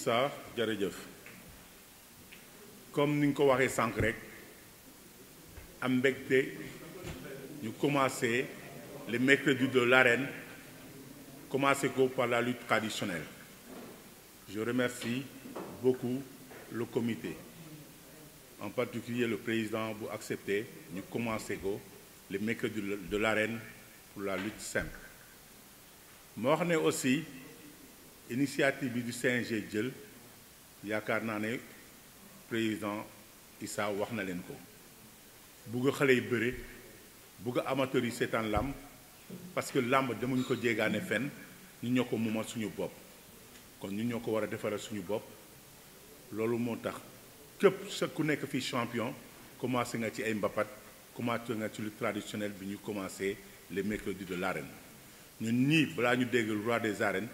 Issa jërëjëf comme ni nga ko waxee sànq rek am mbégte ñu commencé le mercredi de l'arène commencé ko par la lutte traditionnelle je remercie beaucoup le comité en particulier le président bu accepté ñu commencé ko le mercredi de l'arène pour la lutte simple moo aussi initiative bi du CNG jël yaakaar naa ne président Issa wax na leen ko bugg xale yi bëre bugg amateur yi seetaan làmb parce que làmb demuñ ko jéegaane fenn ñu ñoo ko moomal suñu bopp kon ñu ñoo ko war a defaral suñu bopp loolu moo tax képp sa ku nekk fii champion commencé nga ci ay mbapat commencé nga ci lu traditionnel bi ñu commencé les mercredis de l'arène ñun ñii balaa ñu dégg roi des arènes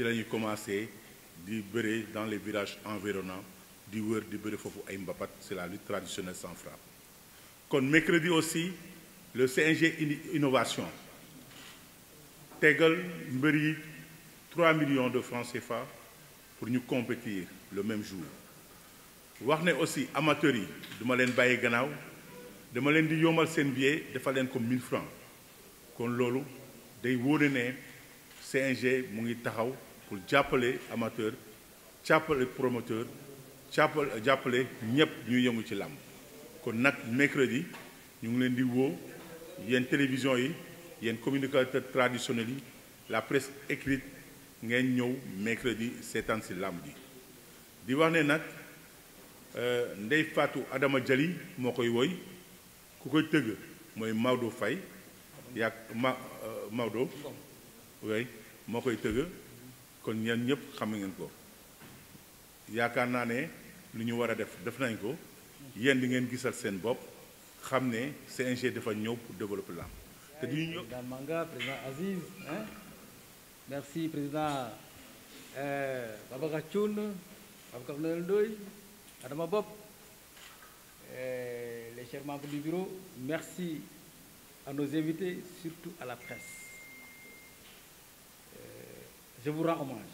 ci la ñuy commencé di bëre dans les villages environnants di wër di bëre foofu ay mbapat c'est la lutte traditionnelle sans frappe kon mercredi aussi le CNG innovation tegal mbër yi 3 millions de francs fa pour ñu compétir le même jour wax ne aussi amateurs yi duma leen bàyyi gannaaw dama leen di yombal seen billet defal leen comme 1000 francs kon loolu day wóore ne CNG mu ngi taxaw pour jàppale amateur jàppale promoteur jàppale jàppale ñëpp ñuy yëngu ci làmb kon nag mercredi ñu ngi leen di woo yéen télévision yi yéen communicateur traditionnels yi la presque écrite ngeen ñëw mercredi seetaan si làmb ji di wax ne nag euh, Ndey Fatou Adama Jali moo koy woy ku koy tëgg mooy Maodo fay yaag Ma euh, Maodo moo koy tëgg kon ñan ñëpp xam ngeen ko yaakaar naa ne lu ñu war a def def nañ ko yéen di ngeen gisal seen bopp xam ne CNG dafa ñëw pour développer la te du ñu ñëw président Manga président Aziz hein merci président euh, Babacar Thioune Babacar Noël Ndoye Adama Bopp euh, les chers membres du bureau merci à nos invités surtout à la presse je vous rends hommage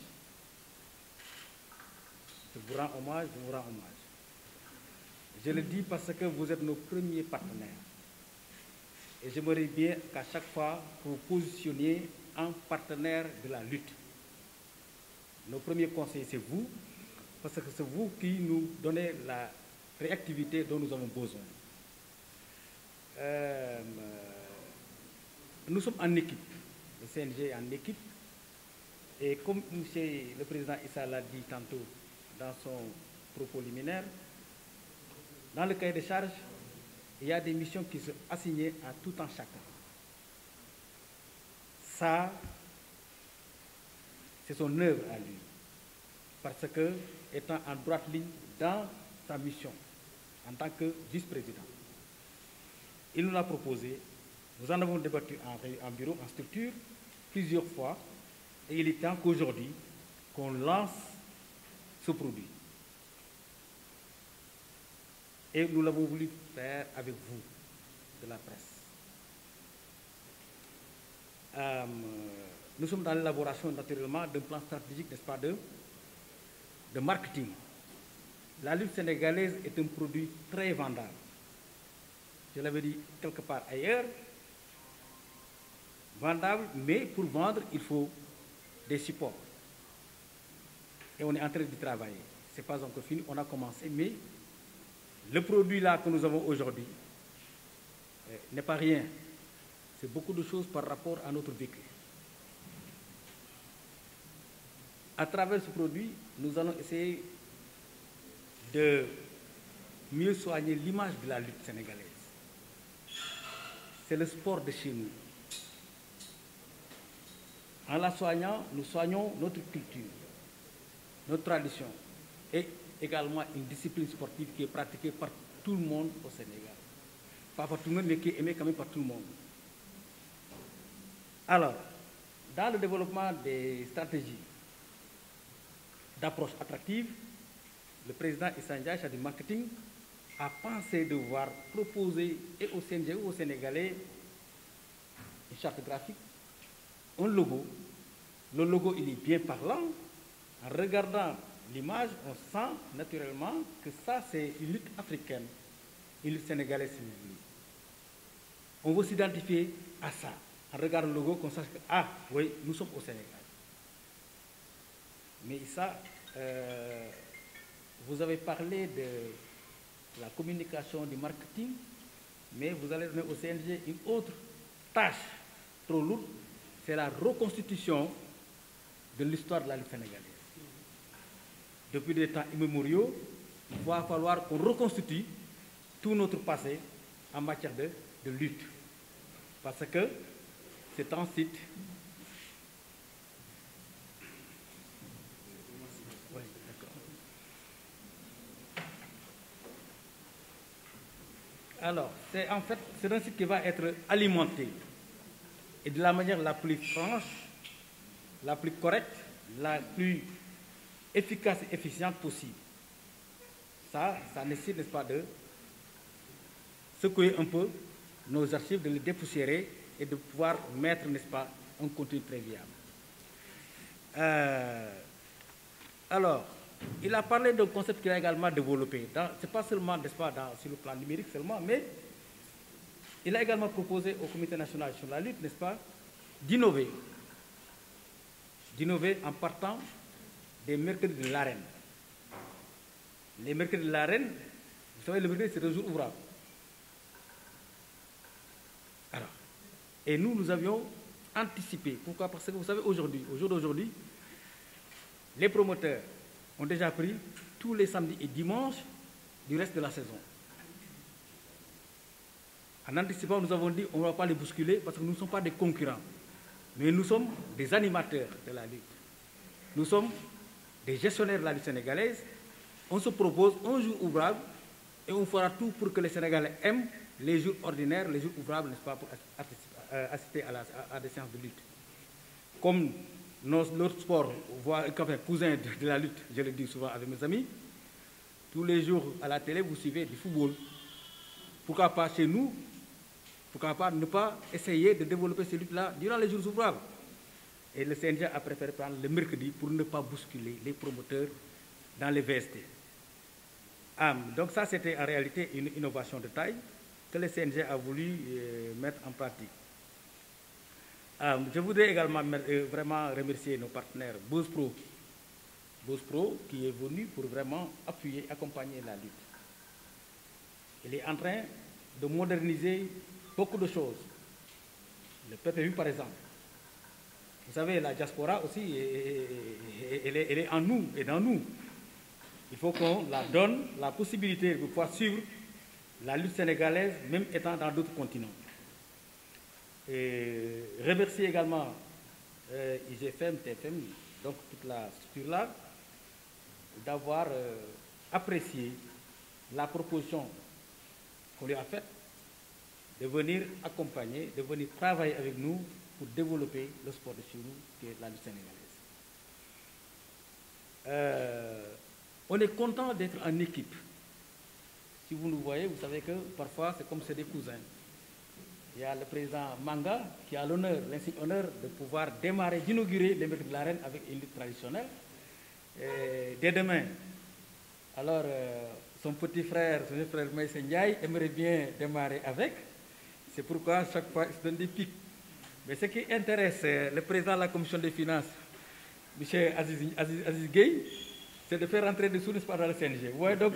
je vous rends hommage je vous rends hommage je le dis parce que vous êtes nos premiers partenaires et j'aimerais bien qu'à chaque fois pour vous positionniez en partenaire de la lutte nos premiers conseillers c'est vous parce que c'est vous qui nous donnez la réactivité dont nous avons besoin euh, nous sommes en équipe CNG en équipe Et comme M. le Président Issa l'a dit tantôt dans son propos liminaire, dans le cahier de charge il y a des missions qui sont assignées à tout un chacun. Ça, c'est son œuvre à lui, parce que en droite ligne dans sa mission en tant que vice-président, il nous l'a proposé. Nous en avons débattu en, en bureau, en structure, plusieurs fois. Et il est temps qu'aujourd'hui, qu'on lance ce produit. Et nous l'avons voulu faire avec vous, de la presse. Euh, nous sommes dans l'élaboration naturellement d'un plan stratégique, n'est-ce pas, de, de marketing. La lutte sénégalaise est un produit très vendable. Je l'avais dit quelque part ailleurs, vendable, mais pour vendre, il faut des supports. Et on est en train de travailler. Ce n'est pas encore fini, on a commencé, mais le produit là que nous avons aujourd'hui euh, n'est pas rien. C'est beaucoup de choses par rapport à notre vécu. À travers ce produit, nous allons essayer de mieux soigner l'image de la lutte sénégalaise. C'est le sport de chez nous. En la soignant, nous soignons notre culture, notre tradition et également une discipline sportive qui est pratiquée par tout le monde au Sénégal. Pas par tout le monde, mais qui est aimée quand même par tout le monde. Alors, dans le développement des stratégies d'approche attractive, le président Issandia du marketing a pensé devoir proposer et au CNG ou aux Sénégalais une charte graphique un logo. Le logo, il est bien parlant. En regardant l'image, on sent naturellement que ça, c'est une lutte africaine, une lutte sénégalaise. On veut s'identifier à ça. En que, ah, oui, nous sommes au Sénégal. Mais ça, euh, vous avez parlé de la communication, du marketing, mais vous allez donner au CNG une autre tâche trop lourde c'est la reconstitution de l'histoire de la lutte sénégalaise. Depuis des temps immémoriaux, il va falloir qu'on reconstitue tout notre passé en matière de, lutte. Parce que c'est un site Alors, c'est en fait, c'est un site qui va être alimenté et de la manière la plus franche, la plus correcte, la plus efficace et efficiente possible. Ça, ça nécessite, n'est-ce pas, de secouer un peu nos archives, de le dépoussiérer et de pouvoir mettre, n'est-ce pas, un contenu très viable. Euh, alors, il a parlé d'un concept qu'il a également développé. Ce n'est pas seulement, sur le plan numérique seulement, Il a également proposé au Comité national sur la lutte, n'est-ce pas, d'innover, d'innover en partant des mercredis de l'arène. Les mercredis de l'arène, vous savez, le mercredi, c'est le jour ouvrable. Alors, et nous, nous avions anticipé. Pourquoi Parce que vous savez, aujourd'hui, au les promoteurs ont déjà pris tous les samedis et dimanches du reste de la saison. En anticipant, nous avons dit on ne va pas les bousculer parce que nous ne sommes pas des concurrents, mais nous sommes des animateurs de la lutte. Nous sommes des gestionnaires de la lutte sénégalaise. On se propose un jour ouvrable et on fera tout pour que les Sénégalais aiment les jours ordinaires, les jours ouvrables, nest pas, pour euh, assister à, la, à, de lutte. Comme notre sport, voit, enfin, de, la lutte, je le dis souvent avec mes amis, tous les jours à la télé, vous pourquoi pas ne pas essayer de développer ces luttes-là durant les jours ouvrables. Et le CNG a préféré prendre le mercredi pour ne pas bousculer les promoteurs dans les VST. Ah, donc ça, c'était en réalité une innovation de taille que le CNG a voulu euh, mettre en pratique. Ah, je voudrais également euh, vraiment remercier nos partenaires BousPro, BousPro qui est venu pour vraiment appuyer, accompagner la lutte. Il est en train de moderniser beaucoup de choses. Le PPU, par exemple. Vous savez, la diaspora aussi, elle est, en nous et dans nous. Il faut qu'on la donne la possibilité de pouvoir suivre la lutte sénégalaise, même étant dans d'autres continents. Et remercier également euh, IGFM, TFM, donc toute la structure-là, d'avoir euh, apprécié la proposition qu'on lui a faite de venir accompagner, de venir travailler avec nous pour développer le sport de chez nous, qui est la lutte sénégalaise. Euh, on est content d'être en équipe. Si vous nous voyez, vous savez que parfois c'est comme c'est des cousins. Il y a le président Manga qui a l'honneur, l'insigne honneur de pouvoir démarrer, d'inaugurer les mercredis de l'arène avec une lutte traditionnelle. Et dès demain, alors euh, son petit frère, son frère Maïs Ndiaye aimerait bien démarrer avec. C'est pourquoi chaque fois, il se donne des pics. Mais ce qui intéresse le président de la commission des finances, M. Aziz, Aziz, Aziz Gueye, c'est de faire rentrer des sous, n'est-ce pas, dans le CNG. Vous voyez donc,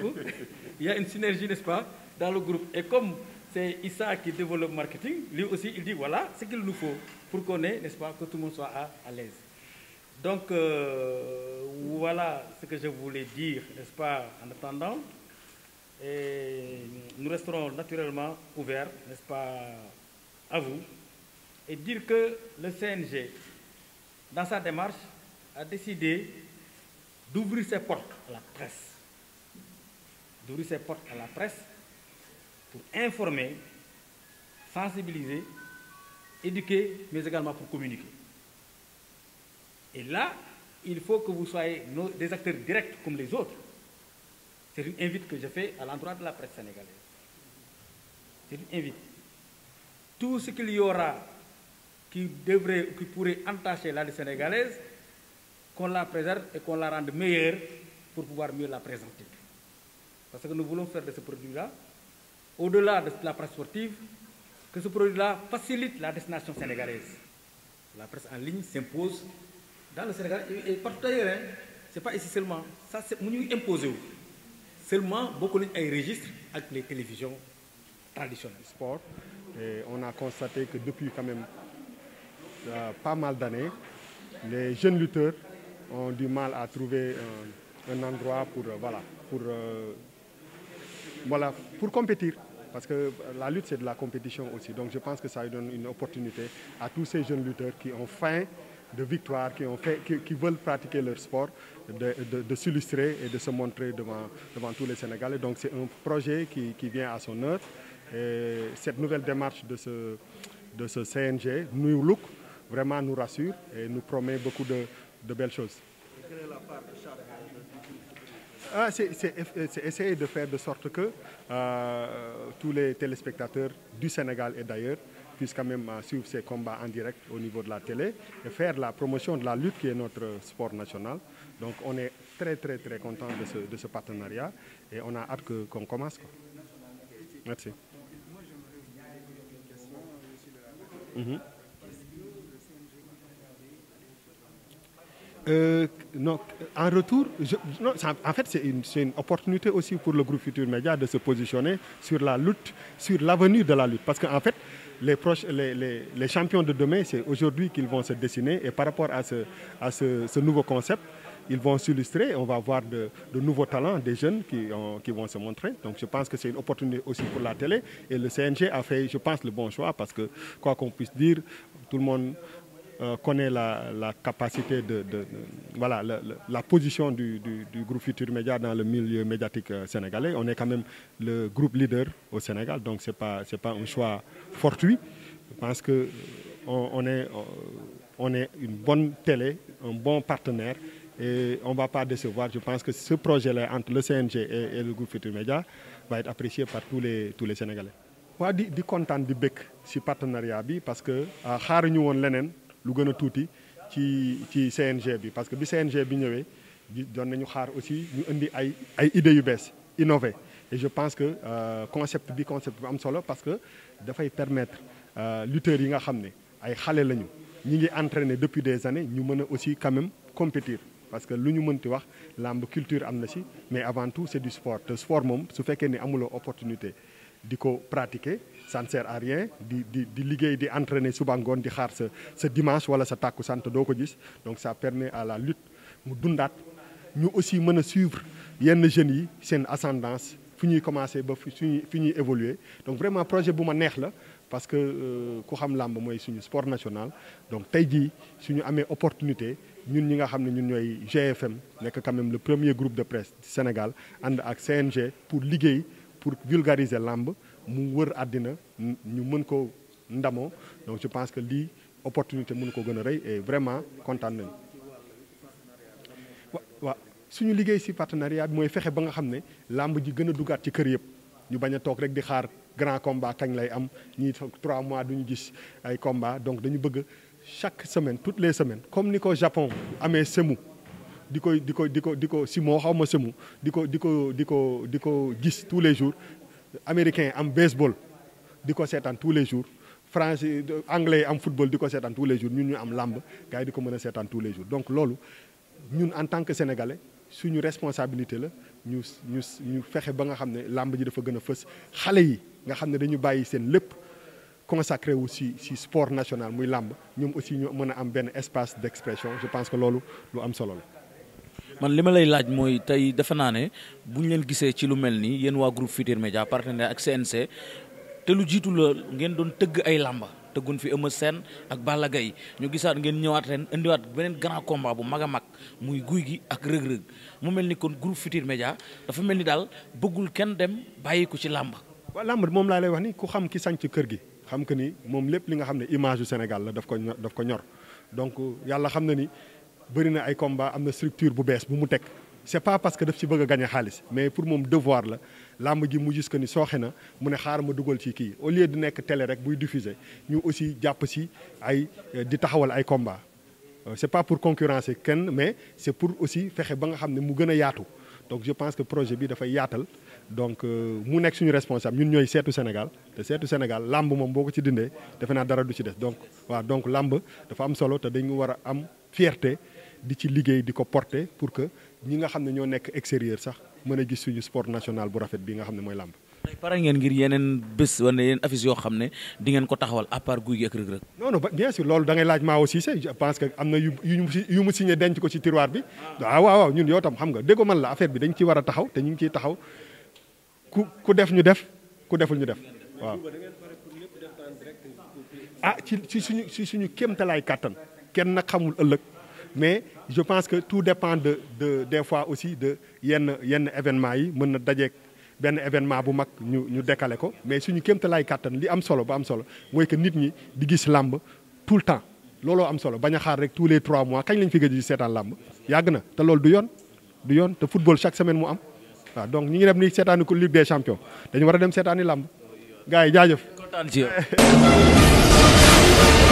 il y a une synergie, nest pas, dans le groupe. Et comme c'est Issa qui développe le marketing, lui aussi, il dit voilà ce qu'il nous faut pour qu'on ait, nest pas, que tout le monde soit à, à l'aise. Donc, euh, voilà ce que je voulais dire, nest pas, en attendant. Et nous resterons naturellement ouverts, n'est-ce pas, à vous, et dire que le CNG, dans sa démarche, a décidé d'ouvrir ses portes à la presse. D'ouvrir ses portes à la presse pour informer, sensibiliser, éduquer, mais également pour communiquer. Et là, il faut que vous soyez des acteurs directs comme les autres. C'est une invite que je fais à l'endroit de la presse sénégalaise. C'est une invite. Tout ce qu'il y aura qui, devrait, qui pourrait entacher la sénégalaise, qu'on la préserve et qu'on la rende meilleure pour pouvoir mieux la présenter. Parce que nous voulons faire de ce produit-là, au-delà de la presse sportive, que ce produit-là facilite la destination sénégalaise. La presse en ligne s'impose dans le Sénégal et partout ailleurs. Hein. Ce pas ici Seulement, beaucoup de registres avec les télévisions traditionnelles. Sport, on a constaté que depuis quand même euh, pas mal d'années, les jeunes lutteurs ont du mal à trouver un, un endroit pour, euh, voilà, pour, euh, voilà, pour compétir. Parce que la lutte, c'est de la compétition aussi. Donc je pense que ça donne une opportunité à tous ces jeunes lutteurs qui ont faim de victoire qui, ont fait, qui, qui veulent pratiquer leur sport, de, de, de s'illustrer et de se montrer devant, tous les Sénégalais. Donc c'est un projet qui, qui, vient à son heure. Et cette nouvelle démarche de ce, de ce CNG, New Look, vraiment nous rassure et nous promet beaucoup de, de belles choses. Ah, c'est essayer de faire de sorte que euh, tous les téléspectateurs du Sénégal et d'ailleurs puisse quand même euh, suivre ces combats en direct au niveau de la télé et faire la promotion de la lutte qui est notre sport national. Donc on est très de ce, de ce partenariat et on a hâte qu'on qu commence. Mhm. Euh, en fait, c'est une, opportunité aussi pour le groupe Futur Média de se positionner sur la lutte, sur l'avenir de la lutte. Parce qu'en fait, les, proches, les, les, les champions de demain, c'est aujourd'hui qu'ils vont se dessiner et par rapport à ce, à ce, ce nouveau concept, ils vont s'illustrer, on va voir de, de, nouveaux talents, des jeunes qui, ont, qui, vont se montrer. Donc je pense que c'est une opportunité aussi pour la télé et le CNG a fait, je pense, le bon choix parce que quoi qu'on puisse dire, tout le monde euh, connaît la, la capacité de, de, de voilà la, la position du, du, du, groupe Futur Média dans le milieu médiatique euh, sénégalais. On est quand même le groupe leader au Sénégal, donc c'est pas c'est pas un choix fortuit. parce pense que euh, on, euh, on est une bonne télé, un bon partenaire et on ne va pas décevoir. Je pense que ce projet la entre le CNG et, et le groupe Futur Média va être apprécié par tous les tous les Sénégalais. di di di bëgg ci partenariat bi parce que xaaruñu woon leneen. lu gën a tuuti ci ci CNG bi parce que bi CNG bi ñëwee doon nañu xaar aussi ñu indi ay ay idées yu bees innové et je pense que euh, concept bi concept bi am solo parce que dafay permettre euh, lutteurs yi nga xam ne ay xale lañu ñi ngi entrainer depuis des années ñu mën a aussi quand même compétir parce que lu ñu mënti wax làmb culture am na si mais avant tout c'est du sport te sport moom su fekkee ni amuloo opportunité di ko pratiquer ça ne à rien di di di liggéey di entraîner suba ngoon di xaar sa sa dimanche wala sa tàkku sant doo ko gis donc ça permet à la lutte mu dundaat ñu aussi mën a suivre yenn jeunes yi seen assendance fu ñuy commencé ba fi suñuy fi ñuy évoluer donc vraiment projet bu ma neex la parce que euh, ku xam làmb mooy suñu sport national donc tey jii su ñu amee opportunité ñun ñi nga xam ne ñun ñooy GFM nekk quand même le premier groupe de presse du Sénégal ànd ak CNG pour liggéey pour vulgariser làmb mu wër àddina ñu mën ko ndamoo donc je pense que lii opportunité mënu ko gën a rey et vraiment kontaan nañu wa waaw suñu liggéey si partenariat mooy fexe ba nga xam ne làmb ji gën a duggaat ci kër yëpp ñu bañ a toog rek di xaar grand combat kañ lay am ñii trois mois duñu gis ay combat donc dañu bëgg chaque semaine toutes les semaines comme ni ko Japon amee semu di koy di ko di ko di ko si moo xaw ma semu di ko di ko di ko di ko gis tous les jours américain am baseball di ko seetaan tous les jours français anglais am football di ko seetaan tous les jours ñun ñu am làmb gars di ko mën a seetaan tous les jours donc loolu ñun en tant que sénégalais suñu responsabilité la ñu ñu ñu fexe ba nga xam ne làmb ji dafa gën a fës xale yi nga xam ne dañu bàyyi seen lépp consacré wu si si sport national muy làmb ñoom aussi ñu mën a am benn espace d'expression je pense que loolu lu am solo la man li ma lay laaj mooy tey dafa naa ne bu ñu leen gisee ci lu mel nii yéen waa groupe Futur Média partenaire ak CNC te lu jiitu la ngeen doon tëgg ay làmba tëggun fi Eumeu seen ak Balla Gaye ñu gisaat ngeen ñëwaat leen indiwaat beneen grand combat bu mag a mag muy guy gi ak rëg-rëg mu mel ni kon groupe Futur Média dafa mel ni daal bëggul kenn dem bàyyi ko ci làmb waaw làmb moom laa lay wax ni ku xam ki sañ ci kër gi xam que ni moom lépp li nga xam ne image yu Sénégal la daf daf ko ñor donc ni bëri na ay combat am na structure bu bees bu mu teg c'est pas parce que daf ci bëgg a gañ xaalis mais pour moom devoir la làmb ji mu gis que ni sooxe na mu ne xaar ma dugal ci kii au lieu di nekk télé rek buy diffuser ñu aussi jàpp si ay euh, di taxawal ay combat euh, c'est pas pour concurrencer kenn mais c'est pour aussi fexe ba nga xam ne mu gën a yaatu donc je pense que projet bi dafay yaatal donc euh, mu nekk suñu responsable ñun ñooy seetu Sénégal te seetu Sénégal làmb moom boo ko ci dindee defe dara du ci des donc waaw donc làmb dafa am solo te dañu war a am fierté di ci liggéey di ko porté pour que ñi nga xam ne ñoo nekk extérieur sax mën a gis suñu sport national bu rafet bi nga xam ne mooy làmb. pare ngeen ngir yeneen bés wala yeneen affiche yoo xam ne di ngeen ko taxawal à part guy gi ak rëg-rëg non non bien sûr loolu da ngay laaj Maawo Cissé je pense am na yu yu mu signé denc ko ci tiroir bi ah. Ah, waaw waaw ñun yow tam xam nga déggoo man la affaire bi dañ ci war a taxaw te ñu ngi ciy taxaw ku def ñu def ku deful ñu def waaw ah, ci ci suñu ci suñu kéemtalaay kàttan kenn nag xamul ëllëg mais je pense que tout dépend de de fois aussi de yenn yenn événement yi mën na dajeek benn événement bu mag ñu ñu décaler ko mais suñu kéemtalaay kàttan li am solo ba am solo mooy que nit ñi di gis làmb tout le temps looloo am solo bañ a xaar rek tous les trois mois kañ lañ fi gëj di seetaan làmb yàgg na te loolu du yoon du yoon te football chaque semaine mu am waaw donc ñi ngi dem ni seetaani ko Ligue des champions dañu war a dem seetaani làmb gars yi jaajëf kontaan